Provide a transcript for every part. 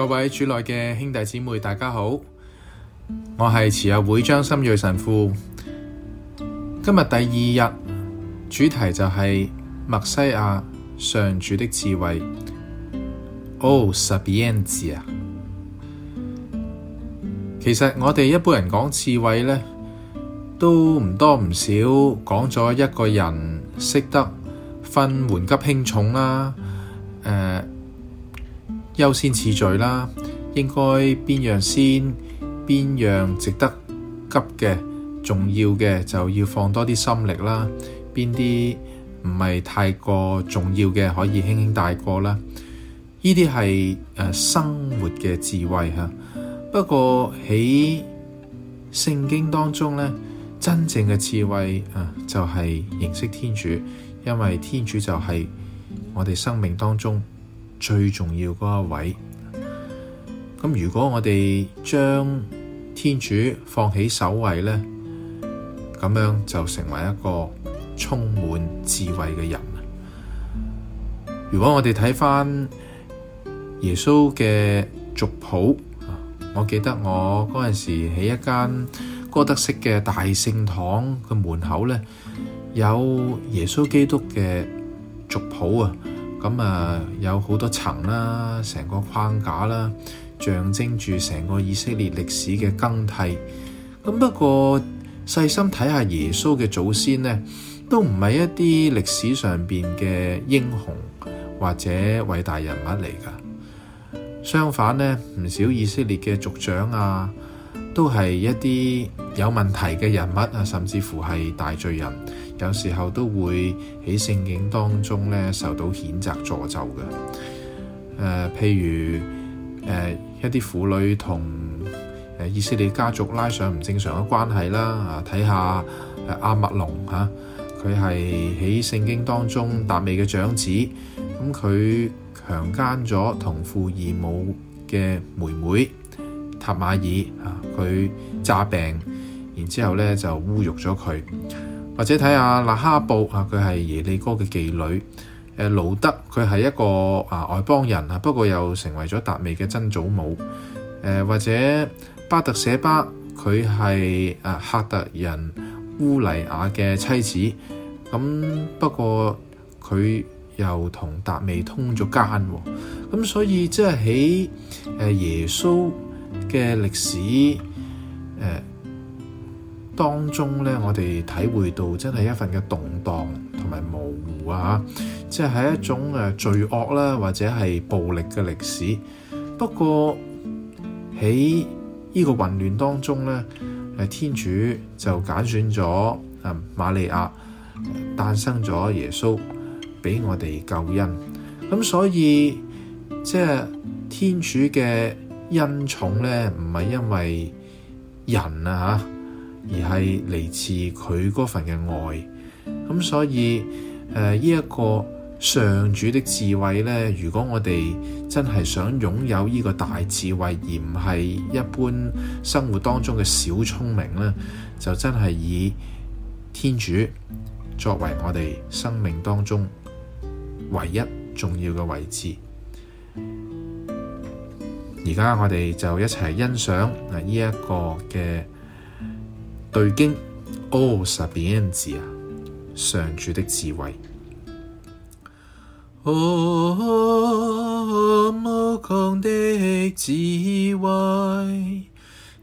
各位主內嘅兄弟姐妹，大家好，我係慈幼會張心銳神父。今日第二日，主題就係《默西亞上主的智慧》哦，O Sapientia。其實我哋一般人講智慧呢，都唔多唔少講咗一個人識得分緩急輕重啦、啊，誒、呃。優先次序啦，應該邊樣先，邊樣值得急嘅、重要嘅就要放多啲心力啦。邊啲唔係太過重要嘅可以輕輕帶過啦。呢啲係誒生活嘅智慧吓。不過喺聖經當中咧，真正嘅智慧啊，就係認識天主，因為天主就係我哋生命當中。最重要嗰一位，咁如果我哋將天主放喺首位咧，咁樣就成為一個充滿智慧嘅人。如果我哋睇翻耶穌嘅族譜，我記得我嗰陣時喺一間哥德式嘅大聖堂嘅門口咧，有耶穌基督嘅族譜啊。咁啊，有好多層啦，成個框架啦，象徵住成個以色列歷史嘅更替。咁不過，細心睇下耶穌嘅祖先呢，都唔係一啲歷史上邊嘅英雄或者偉大人物嚟噶。相反呢，唔少以色列嘅族長啊。都係一啲有問題嘅人物啊，甚至乎係大罪人，有時候都會喺聖經當中受到譴責詛咒嘅。誒，譬如誒，一啲婦女同以色列家族拉上唔正常嘅關係啦。啊，睇下阿默農嚇，佢係喺聖經當中達味嘅長子，他佢強姦咗同父異母嘅妹妹。塔瑪爾啊，佢詐病，然之後咧就侮辱咗佢。或者睇下辣哈布啊，佢係耶利哥嘅妓女。誒，盧德佢係一個啊外邦人啊，不過又成為咗達味嘅曾祖母。誒或者巴特舍巴佢係誒赫特人烏黎亞嘅妻子，咁不過佢又同達味通咗奸喎。咁所以即係喺誒耶穌嘅歷史誒、呃、當中咧，我哋體會到真係一份嘅動盪同埋模糊啊，即係一種誒罪惡啦，或者係暴力嘅歷史。不過喺呢個混亂當中咧，誒天主就揀選咗啊瑪利亞，誕生咗耶穌俾我哋救恩。咁所以即係天主嘅。恩寵咧唔係因為人啊吓，而係嚟自佢嗰份嘅愛。咁所以誒，呢一個上主的智慧咧，如果我哋真係想擁有呢個大智慧，而唔係一般生活當中嘅小聰明咧，就真係以天主作為我哋生命當中唯一重要嘅位置。而家我哋就一齊欣賞呢一個嘅對經 O Sapientia，上主的智慧，哦，無窮的智慧，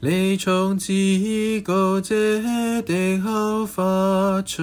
你從至高者的口發出。